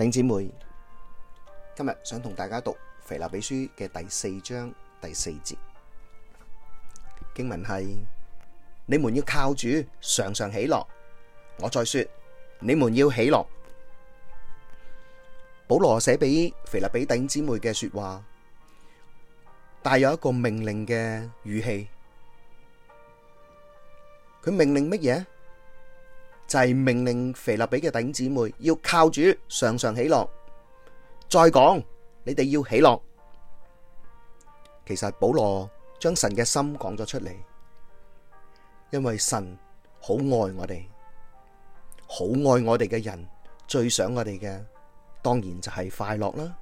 頂姐妹，今日想同大家讀《腓立比書》嘅第四章第四節。經文係：「你們要靠主，常常喜樂。」我再說，「你們要喜樂。」保羅寫俾腓立比頂姐妹嘅說話，帶有一個命令嘅語氣。佢命令乜嘢？就係命令腓立比嘅弟兄姊妹要靠主，常常喜樂。再講，你哋要喜樂。其實保羅將神嘅心講咗出嚟，因為神好愛我哋，好愛我哋嘅人，最想我哋嘅，當然就係快樂啦。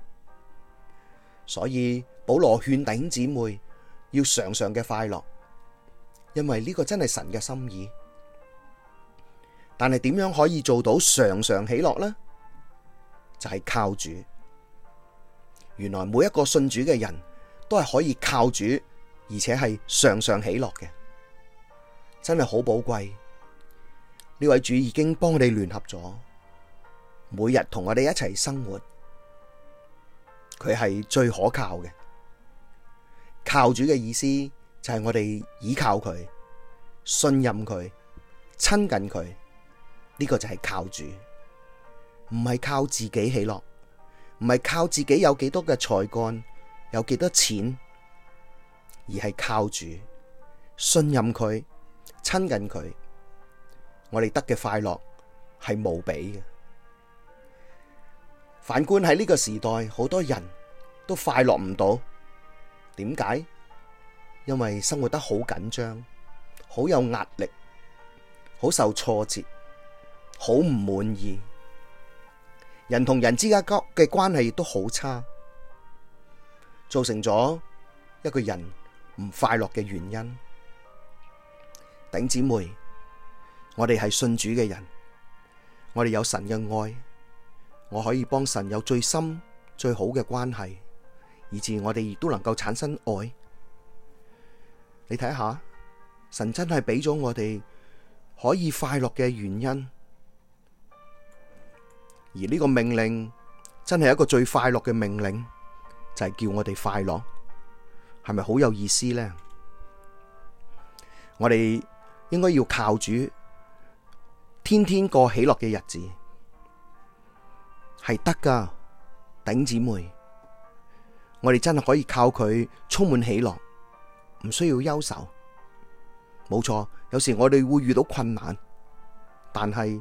所以保羅勸弟兄姊妹要常常嘅快樂，因為呢個真係神嘅心意。但係點樣可以做到常常喜樂呢？就係靠主。原來每一個信主嘅人都係可以靠主，而且係常常喜樂嘅。真係好寶貴。呢位主已經幫我哋聯合咗，每日同我哋一齊生活，佢係最可靠嘅。靠主嘅意思就係我哋依靠佢，信任佢，親近佢。呢個就係靠主，唔係靠自己喜樂，唔係靠自己有幾多嘅才幹，有幾多錢，而係靠主，信任佢，親近佢，我哋得嘅快樂係無比嘅。反觀喺呢個時代，好多人都快樂唔到，點解？因為生活得好緊張，好有壓力，好受挫折。好唔滿意，人同人之間嘅關係亦都好差，造成咗一個人唔快樂嘅原因。頂姊妹，我哋係信主嘅人，我哋有神嘅愛，我可以幫神有最深最好嘅關係，以至我哋亦都能夠產生愛。你睇下，神真係俾咗我哋可以快樂嘅原因。而呢個命令真係一個最快樂嘅命令，就係叫我哋快樂，係咪好有意思呢？我哋應該要靠主天天過喜樂嘅日子，係得噶。頂姊妹，我哋真係可以靠佢充滿喜樂，唔需要憂愁。冇錯，有時我哋會遇到困難，但係。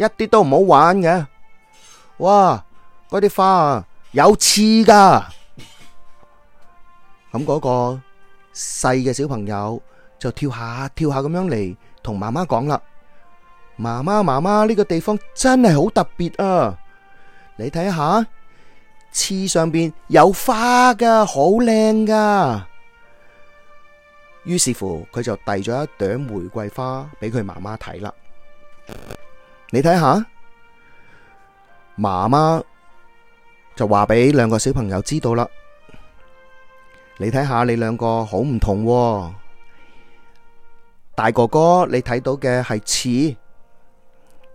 一啲都唔好玩嘅，哇！啲花啊，有刺噶。咁個細嘅小朋友就跳下跳下咁樣嚟同媽媽講啦，媽媽媽媽，呢個地方真係好特別啊！你睇下，刺上邊有花噶，好靚噶。於是乎，佢就遞咗一朵玫瑰花俾佢媽媽睇啦。你睇下，媽媽就話俾兩個小朋友知道啦。你睇下，你兩個好唔同喎。大哥哥，你睇到嘅係刺，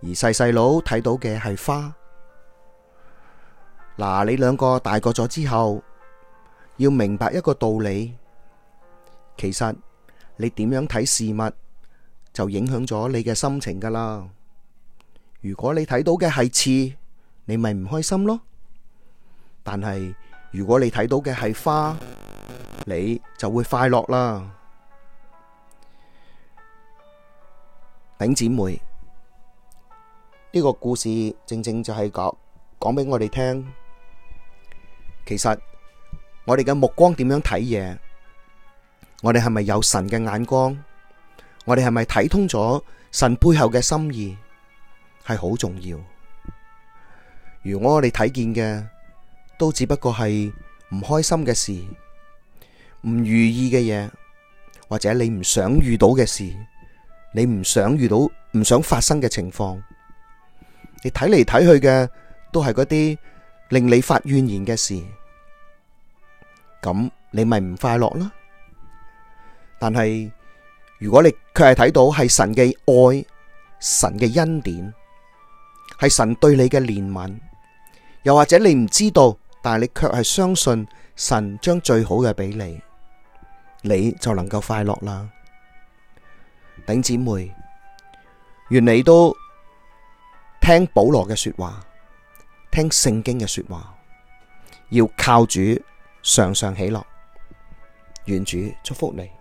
而細細佬睇到嘅係花。嗱，你兩個大個咗之後，要明白一個道理，其實你點樣睇事物，就影響咗你嘅心情噶啦。如果你睇到嘅係刺，你咪唔開心咯。但係如果你睇到嘅係花，你就會快樂啦。頂姐妹，呢個故事正正就係講講俾我哋聽。其實我哋嘅目光點樣睇嘢？我哋係咪有神嘅眼光？我哋係咪睇通咗神背後嘅心意？係好重要。如果你睇見嘅，都只不過係唔開心嘅事，唔如意嘅嘢，或者你唔想遇到嘅事，你唔想遇到、唔想發生嘅情況，你睇嚟睇去嘅都係嗰啲令你發怨言嘅事，咁你咪唔快樂囉。但係如果你卻係睇到係神嘅愛、神嘅恩典。係神對你嘅憐憫，又或者你唔知道，但係你卻係相信神將最好嘅俾你，你就能夠快樂啦。頂姊妹，願你都聽保羅嘅說話，聽聖經嘅說話，要靠主，常常喜樂。願主祝福你。